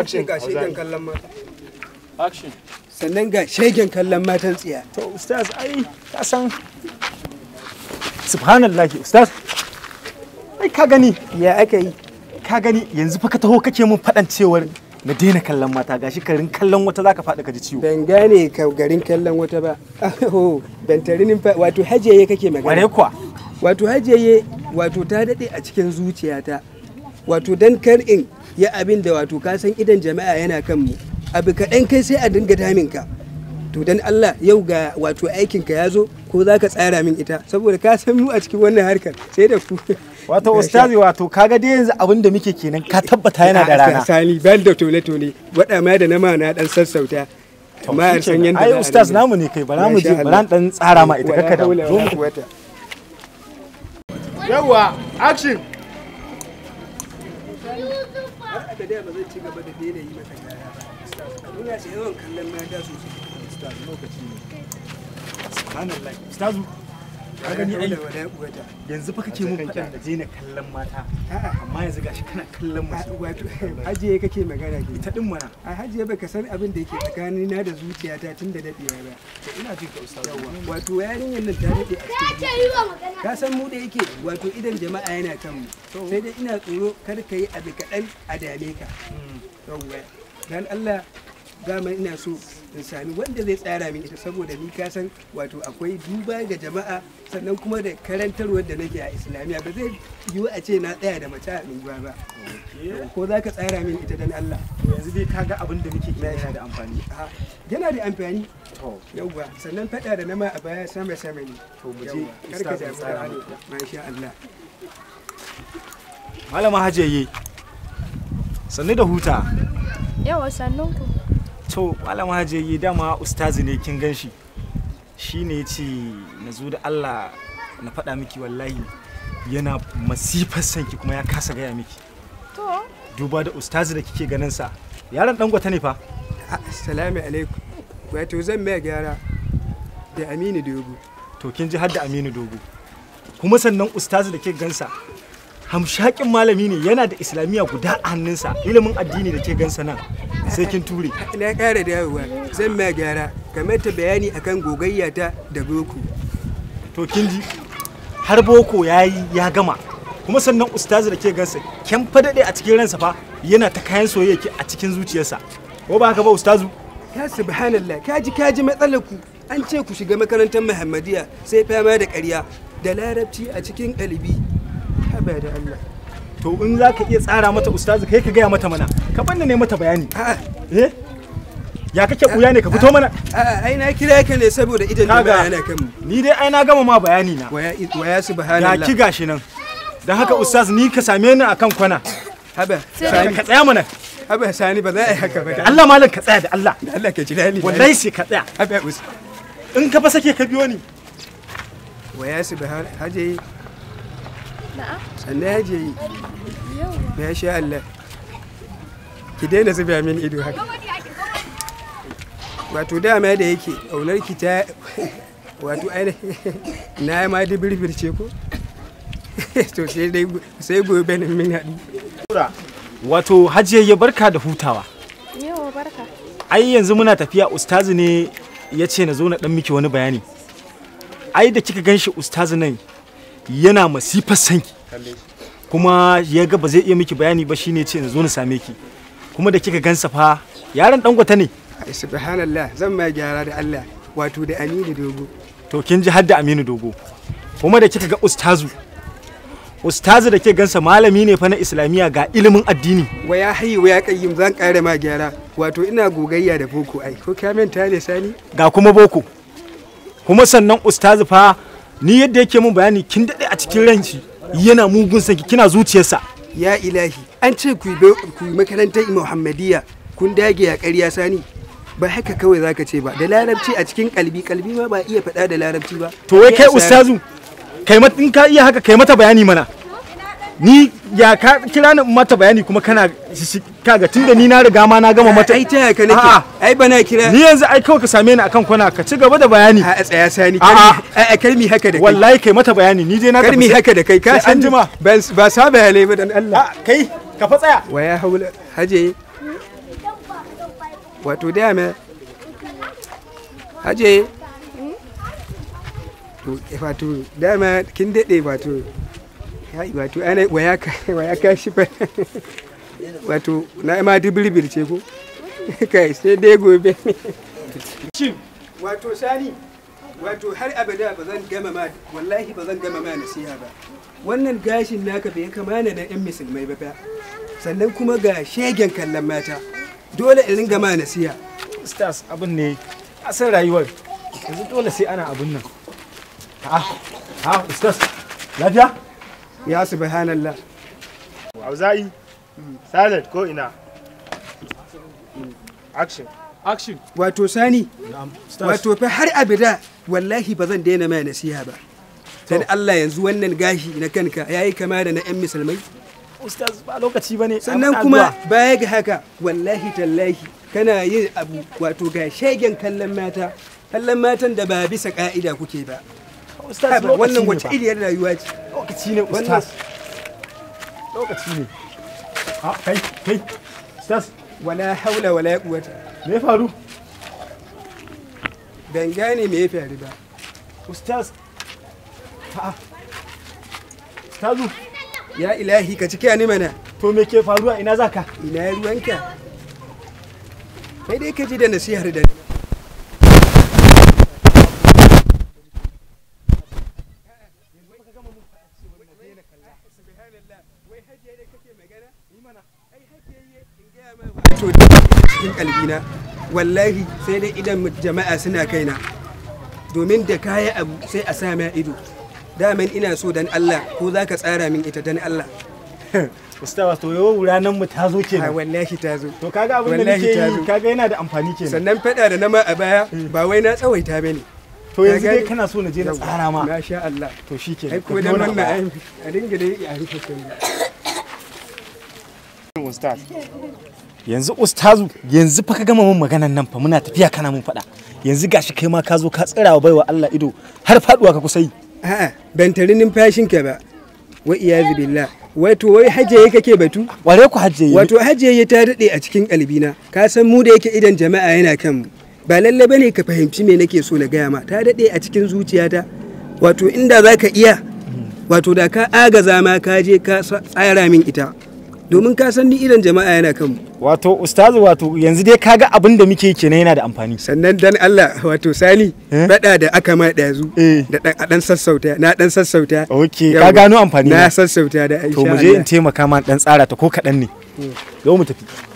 action ga shegen kallon mata action sannan ga shegen kallon matan tsiya to ustaz ai ka san subhanallahi ustaz ai ka gani ya aka yi ka gani yanzu fa ka taho kake mun faɗan cewar na daina kallon mata gashi karin kallon wata zaka faɗi ka ji ciwo ban gane ka garin kallon wata ba oh, ban tari wato hajiyaye kake magana ware kuwa wato hajiyaye wato ta dade a cikin zuciyata wato dan kar in ya abin da wato ka san idan jama'a yana kan mu abu kaɗan kai sai a dinga damin ka to dan Allah yau ga wato aikin ka ya zo ko za ka tsara min ita saboda ka san mu a cikin wannan harkar sai da ku wato ustazi wato kaga dai yanzu abin da muke kenan ka tabbata yana da rana sani ban da tole tole wada ma da nama na dan sassauta amma san yanda ai ustaz namu ne kai bara mu je bara dan tsara ma ita kakkada zo mu yawa action da ba ci gaba da daina yi mata yaya ba kamar yawan kallon mata sosai ustaz lokaci ne ka gani ai yanzu fa kake mun faɗa da na kallon mata amma yanzu gashi kana kallon mace wato hajiye kake magana ke ita din mana a hajiye ka san abin da yake tsakanin na da zuciyata tun da dadewa ba to ina jin ka ustaz wato yarinyar nan ta dade a cikin ka san mu da yake wato idan jama'a yana kan mu sai dai ina tsoro kar ka yi abu kadan a dame ka hmm. yawwa dan Allah dama ina so in sami wanda zai tsara min ita saboda ni ka san wato akwai duba ga jama'a sannan kuma da karantarwar da nake a islamiyya ba zai yiwu a ce na tsaya da mace a unguwa ba ko za ka tsara min ita dan Allah yanzu dai kaga abin da muke kira yana da amfani yana da amfani yauwa sannan faɗa da nama a baya sama sama ne to mu je karka da masha Allah malama hajiyaye sannu da huta yawa sannunku to malama hajiyayi dama ustazi ne kin gan shi shi ne ce na zo da allah na faɗa miki wallahi yana masifar sanki kuma ya kasa gaya miki to duba da ustazi da kike ganin sa yaron dan gwata ne fa assalamu alaikum wato zan mai gyara da aminu dogo to kin ji har da aminu dogo kuma sannan ustazi da kike gansa hamshakin malami ne yana da islamiyya guda a hannunsa ilimin addini da ke gansa nan sai kin ture ina ƙara dawowa zan ma gyara kamar ta bayani akan gogayya ta da boko to kin ji har boko yayi ya gama kuma sannan ustazu da ke gansa kyan fadade a cikin ransa fa yana ta kayan soyayya a cikin zuciyarsa ko ba haka ba ustazu ya subhanallah kaji kaji matsalar ku an ce ku shiga makarantar muhammadiya sai fama da ƙarya da larabci a cikin ɗalibi haba da allah to in za ka iya tsara mata ustazu kai ka gaya mata mana ka banna ne mata bayani eh ya kake kuya ne ka fito mana ai na kira yake ne saboda idan na bayani kan mu ni dai ai na gama ma bayani na waya subhanallah ya ki gashi nan dan haka ustaz ni ka same ni akan kwana haba sani ka tsaya mana haba sani ba za a yi haka ba Allah malam ka tsaya da Allah da Allah ke jira ni wallahi sai ka tsaya haba ustaz in ka fa sake ka biyo ni waya subhanallah haje Allah ya yi ya sha Allah ki daina zuba min ido haka wato dama da yake aunar ki ta wato ainihin na ma dubirfir ce ko to sai gobe na min haɗu wato hajiyayya barka da hutawa yawa barka ai yanzu muna tafiya ustazi ne ya ce na zo na ɗan miki wani bayani ai da kika ganshi ustazi nan yana masifar sanki kuma ya ga ba zai iya miki bayani ba shine ce in zo na same ki kuma da kika gansa fa yaran dan gwata ne subhanallah zan mai gyara da Allah wato da Aminu Dogo to kin ji har da Aminu Dogo kuma da kika ga ustazu ustazu da kike gansa malami ne fa na islamiyya ga ilimin addini waya hayi waya kayyim zan kare ma gyara wato ina gogayya da boko ai ko ka manta ne sani ga kuma boko kuma sannan ustazu fa ni yadda yake mun bayani kin dade cikin ranki yana mugun sanki kina zuciyarsa ya ilahi an ce ku yi makarantar muhammadiyya kun dage ya ƙarya sani ba haka kawai zaka ce ba da larabci a cikin kalbi kalbi ma ba iya faɗa da larabci ba to wai kai ustazu kai in ka iya haka kai mata bayani mana ni ya ka kira ni mata bayani kuma kana kaga tunda ni na riga ma na gama mata ai taya ka nake ai bana kira ni yanzu ai kawai ka same ni akan kwana ka ci gaba da bayani a tsaya sani a kalmi haka da kai wallahi kai mata bayani ni dai na kalmi haka da kai ka san jima ba sa halai ba dan Allah kai ka fa tsaya ya haula haje wato da me haje hmm? to wato da me kin dade wato wato ana waya kashi fa wato na ma dubilbil ce ko kai sai dai gobe shin wato sani wato har abada ba zan gama ma wallahi ba zan gama ma nasiha ba wannan gashin naka bai kama na yan musulmai ba fa sannan kuma ga shegen kallon mata dole in ringa ma nasiha stars abin ne asan rayuwar yanzu dole sai ana abin nan ha ha stars lafiya ya subhanallah auza'i salad ko ina action action wato sani wato fa har abida wallahi ba zan daina mai nasiha ba dan Allah yanzu wannan gashi na kanka yayi kama da na 'yan musulmai ustaz ba lokaci bane sannan kuma baya ga haka wallahi tallahi kana yin abu wato ga shegen kallon mata kallon matan da ba bisa ka'ida kuke ba ustaz wannan wace iriyar rayuwa ce lokaci ne ustaz lokaci ne a kai kai ustaz wala haula wala quwwata me ya faru ban gane me ya faru ba ustaz a ustazu ya ilahi ka cike ni mana to me ke faruwa ina zaka ina ruwanka kai dai ka ji da nasihar da ni cikin kalbina wallahi sai dai idan jama'a suna kaina domin da kaya abu sai a sa ido daman ina so dan Allah ko za ka tsara min ita dan Allah Mustafa to yau ranan mu ta zo kenan. wallahi ta zo. To kaga abin da nake yi kaga yana da amfani kenan. Sannan fada da nama a baya eh. ba wai na tsawaita bane. To yanzu dai kana so na je na tsara ma. Na sha Allah. To shikenan. Ai kuma dan wannan ai a dinga dai a rufe sai. Mustafa. yanzu ustazu yanzu fa ka gama mun maganan nan fa muna tafiya kana mun faɗa yanzu gashi kai ma ka zo ka tsirawa baiwa Allah ido har faduwa ka kusa yi a'a ban tari numfashin ka ba wa iyazu billah wato wai hajiye kake batu ware ku hajiye wato hajiye ta dade a cikin kalbina ka san mu da yake idan jama'a yana kan mu ba lalle bane ka fahimci me nake so na gaya ma ta dade a cikin zuciyata wato inda zaka iya wato da ka agaza ma ka je ka tsara min ita domin ka san ni idan jama'a yana kanmu wato ustazu wato yanzu dai kaga abin da muke kenan yana da amfani sannan dan Allah wato sani faɗa eh? da aka ma eh. da yazu da dan dan sassauta na dan sassauta okay ka gano amfani na sassauta da Aisha to mu je in taimaka ma dan tsara ta ko kadan ne yau hmm. mu tafi